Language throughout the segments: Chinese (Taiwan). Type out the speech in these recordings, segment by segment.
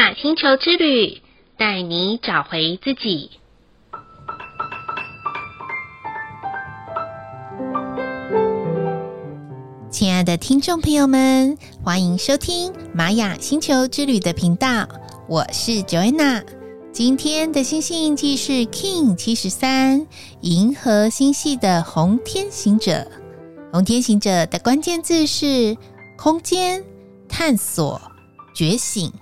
瑪雅星球之旅，帶你找回自己。親愛的聽眾朋友們，歡迎收聽瑪雅星球之旅的頻道，我是 Joanna。今天的星星印記是 Kin 73，銀河星系的紅天行者。紅天行者的關鍵字是空間、探索、覺醒。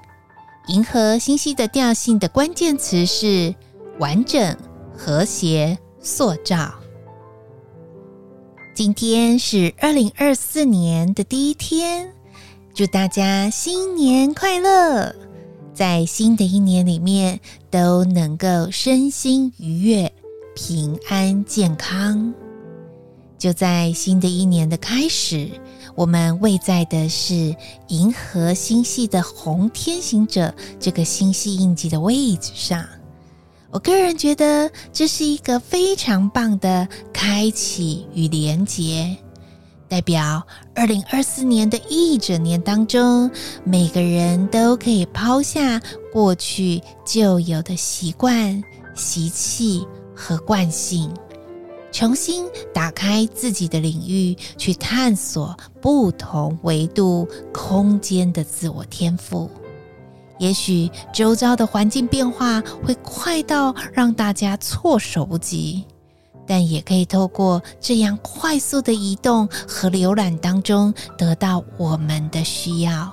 銀河星系的調性的關鍵詞是完整、和諧、塑造。今天是二零二四年的第一天，祝大家新年快樂！在新的一年裡面，都能夠身心愉悅、平安健康。就在新的一年的開始。我們位在的是銀河星系的紅天行者這個星系印記的位置上，我個人覺得這是一個非常棒的開啟與連結，代表2024年的一整年當中，每個人都可以拋下過去舊有的習慣、習氣和慣性。重新打開自己的領域，去探索不同維度空間的自我天賦。也許周遭的環境變化會快到讓大家措手不及，但也可以透過這樣快速的移動和瀏覽當中得到我們的需要，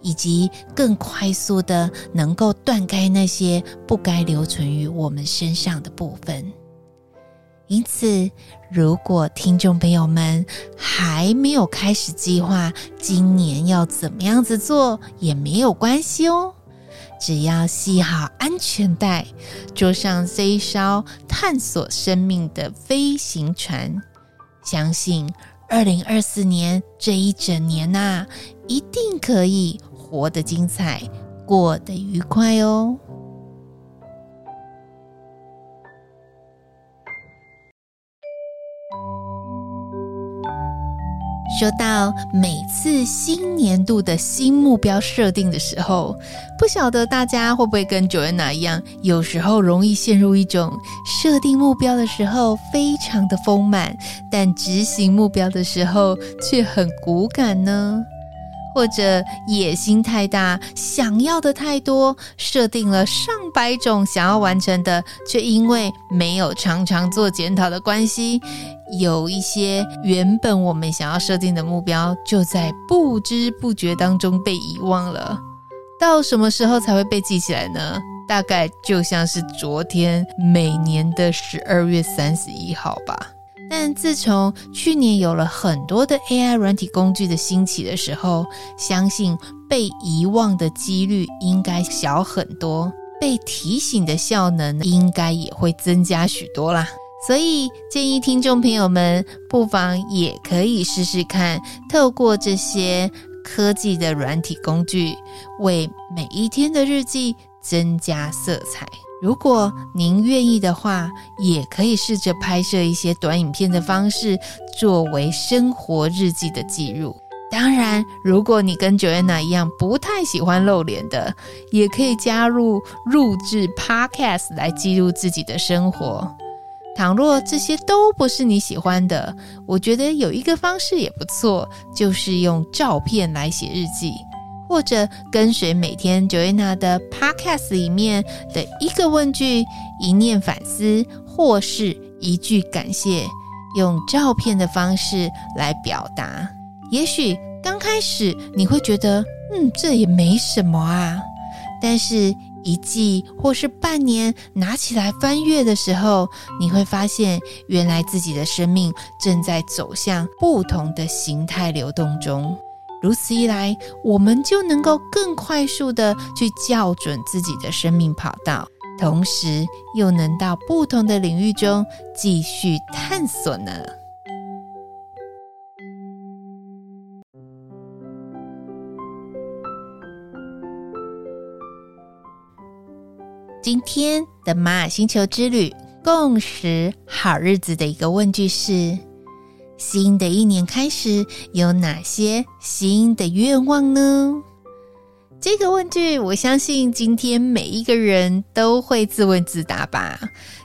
以及更快速的能夠斷開那些不該留存於我們身上的部分。因此，如果聽眾朋友們還沒有開始計劃今年要怎麼樣子做，也沒有關係哦。只要繫好安全帶，坐上這一艘探索生命的飛行船，相信二零二四年這一整年吶、啊，一定可以活得精彩，過得愉快哦。說到每次新年度的新目標設定的時候，不曉得大家會不會跟 Joanna 一樣，有時候容易陷入一種設定目標的時候非常的豐滿，但執行目標的時候卻很骨感呢？或者野心太大，想要的太多，設定了上百種想要完成的，卻因為沒有常常做檢討的關係，有一些原本我們想要設定的目標，就在不知不覺當中被遺忘了。到什麼時候才會被記起來呢？大概就像是昨天每年的十二月三十一號吧。但自從去年有了很多的 AI 軟體工具的興起的時候，相信被遺忘的幾率應該小很多，被提醒的效能應該也會增加許多啦。所以，建議聽眾朋友們不妨也可以試試看，透過這些科技的軟體工具，為每一天的日記增加色彩。如果您願意的話，也可以試着拍攝一些短影片的方式，作為生活日記的記錄。當然，如果你跟 Joanna 一樣不太喜歡露臉的，也可以加入錄製 Podcast 來記錄自己的生活。倘若這些都不是你喜歡的，我覺得有一個方式也不錯，就是用照片來寫日記，或者跟隨每天 Joanna 的 Podcast 裡面的一個問句，一念反思，或是一句感謝，用照片的方式來表達。也許剛開始你會覺得，嗯，這也沒什麼啊，但是。一季或是半年，拿起來翻閱的時候，你會發現，原來自己的生命正在走向不同的形態流動中。如此一來，我們就能夠更快速的去校準自己的生命跑道，同時又能到不同的領域中繼續探索呢。今天的馬雅星球之旅，共時好日子的一個問句是：新的一年開始，有哪些新的願望呢？這個問句，我相信今天每一個人都會自問自答吧。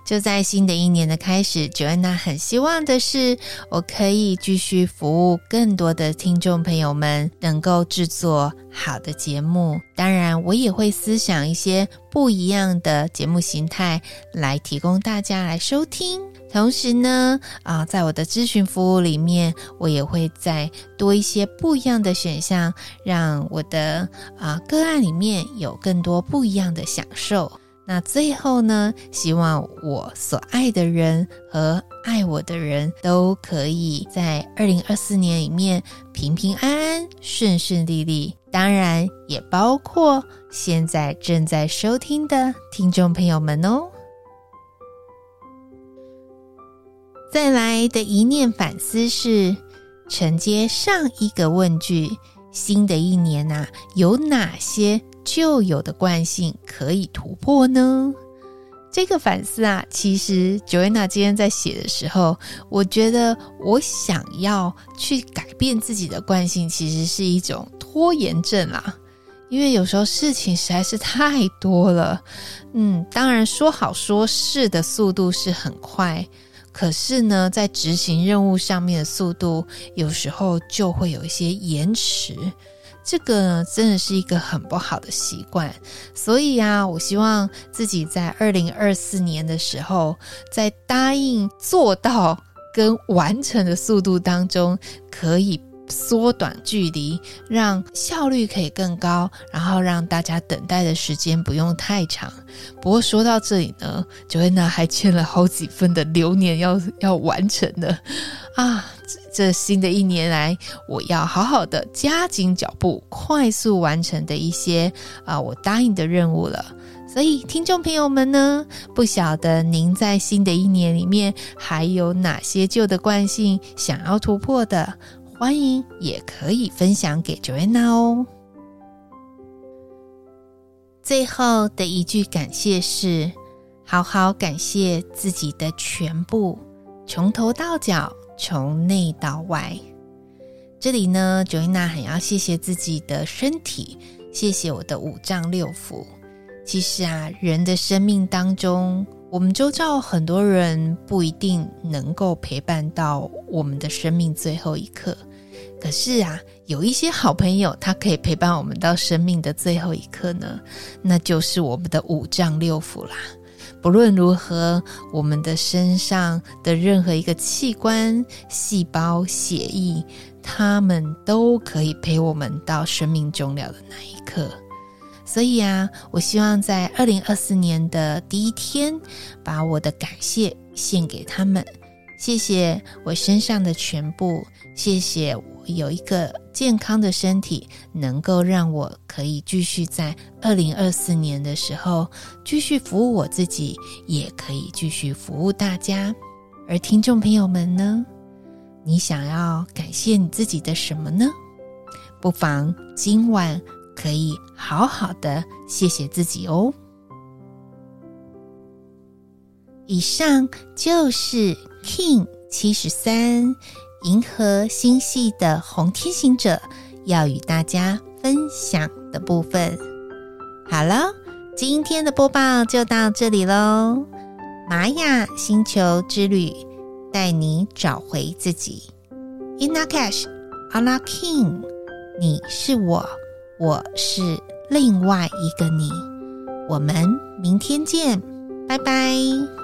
就在新的一年的開始，Joanna 很希望的是，我可以繼續服務更多的聽眾朋友們，能夠制作。好的節目，當然我也會思想一些不一樣的節目形態來提供大家來收聽。同時呢，啊，在我的諮詢服務裡面，我也會再多一些不一樣的選項，讓我的啊個案裡面有更多不一樣的享受。那最後呢，希望我所愛的人和。愛我的人都可以在二零二四年裡面平平安安、順順利利，當然也包括現在正在收聽的聽眾朋友們哦。再來的一念反思是承接上一個問句：新的一年啊，有哪些舊有的慣性可以突破呢？這個反思啊，其實 Joanna 今天在寫的時候，我覺得我想要去改變自己的慣性，其實是一種拖延症啦。因為有時候事情實在是太多了，嗯，當然說好說事的速度是很快，可是呢，在執行任務上面的速度，有時候就會有一些延遲。這個真的是一個很不好的習慣，所以啊，我希望自己在二零二四年的時候，在答應做到跟完成的速度當中可以，縮短距離，讓效率可以更高，然後讓大家等待的時間不用太長。不過說到這裡呢，Joanna 呢還欠了好幾份的流年要要完成的啊這，這新的一年來，我要好好的加緊腳步，快速完成的一些啊我答應的任務了。所以，聽眾朋友們呢，不曉得您在新的一年裡面還有哪些舊的慣性想要突破的？歡迎，也可以分享給 Joanna 哦。最後的一句感謝是：好好感謝自己的全部，從頭到腳，從內到外。這裡呢，Joanna 很要謝謝自己的身體，謝謝我的五臟六腑。其實啊，人的生命當中，我們周遭很多人不一定能夠陪伴到我們的生命最後一刻。可是啊，有一些好朋友，他可以陪伴我們到生命的最後一刻呢，那就是我們的五臟六腑啦。不論如何，我們的身上的任何一個器官、細胞、血液，他們都可以陪我們到生命終了的那一刻。所以啊，我希望在二零二四年的第一天，把我的感謝獻給他們。謝謝我身上的全部，謝謝。有一個健康的身體，能夠讓我可以繼續在二零二四年的時候繼續服務我自己，也可以繼續服務大家。而聽眾朋友們呢，你想要感謝你自己的什麼呢？不妨今晚可以好好的謝謝自己哦。以上就是 Kin 七十三銀河星系的紅天行者要與大家分享的部分，好了，今天的播報就到這裡嘍。瑪雅星球之旅帶你找回自己。In Lak'ech Ala K'in，你是我，我是另外一個你。我們明天見，拜拜。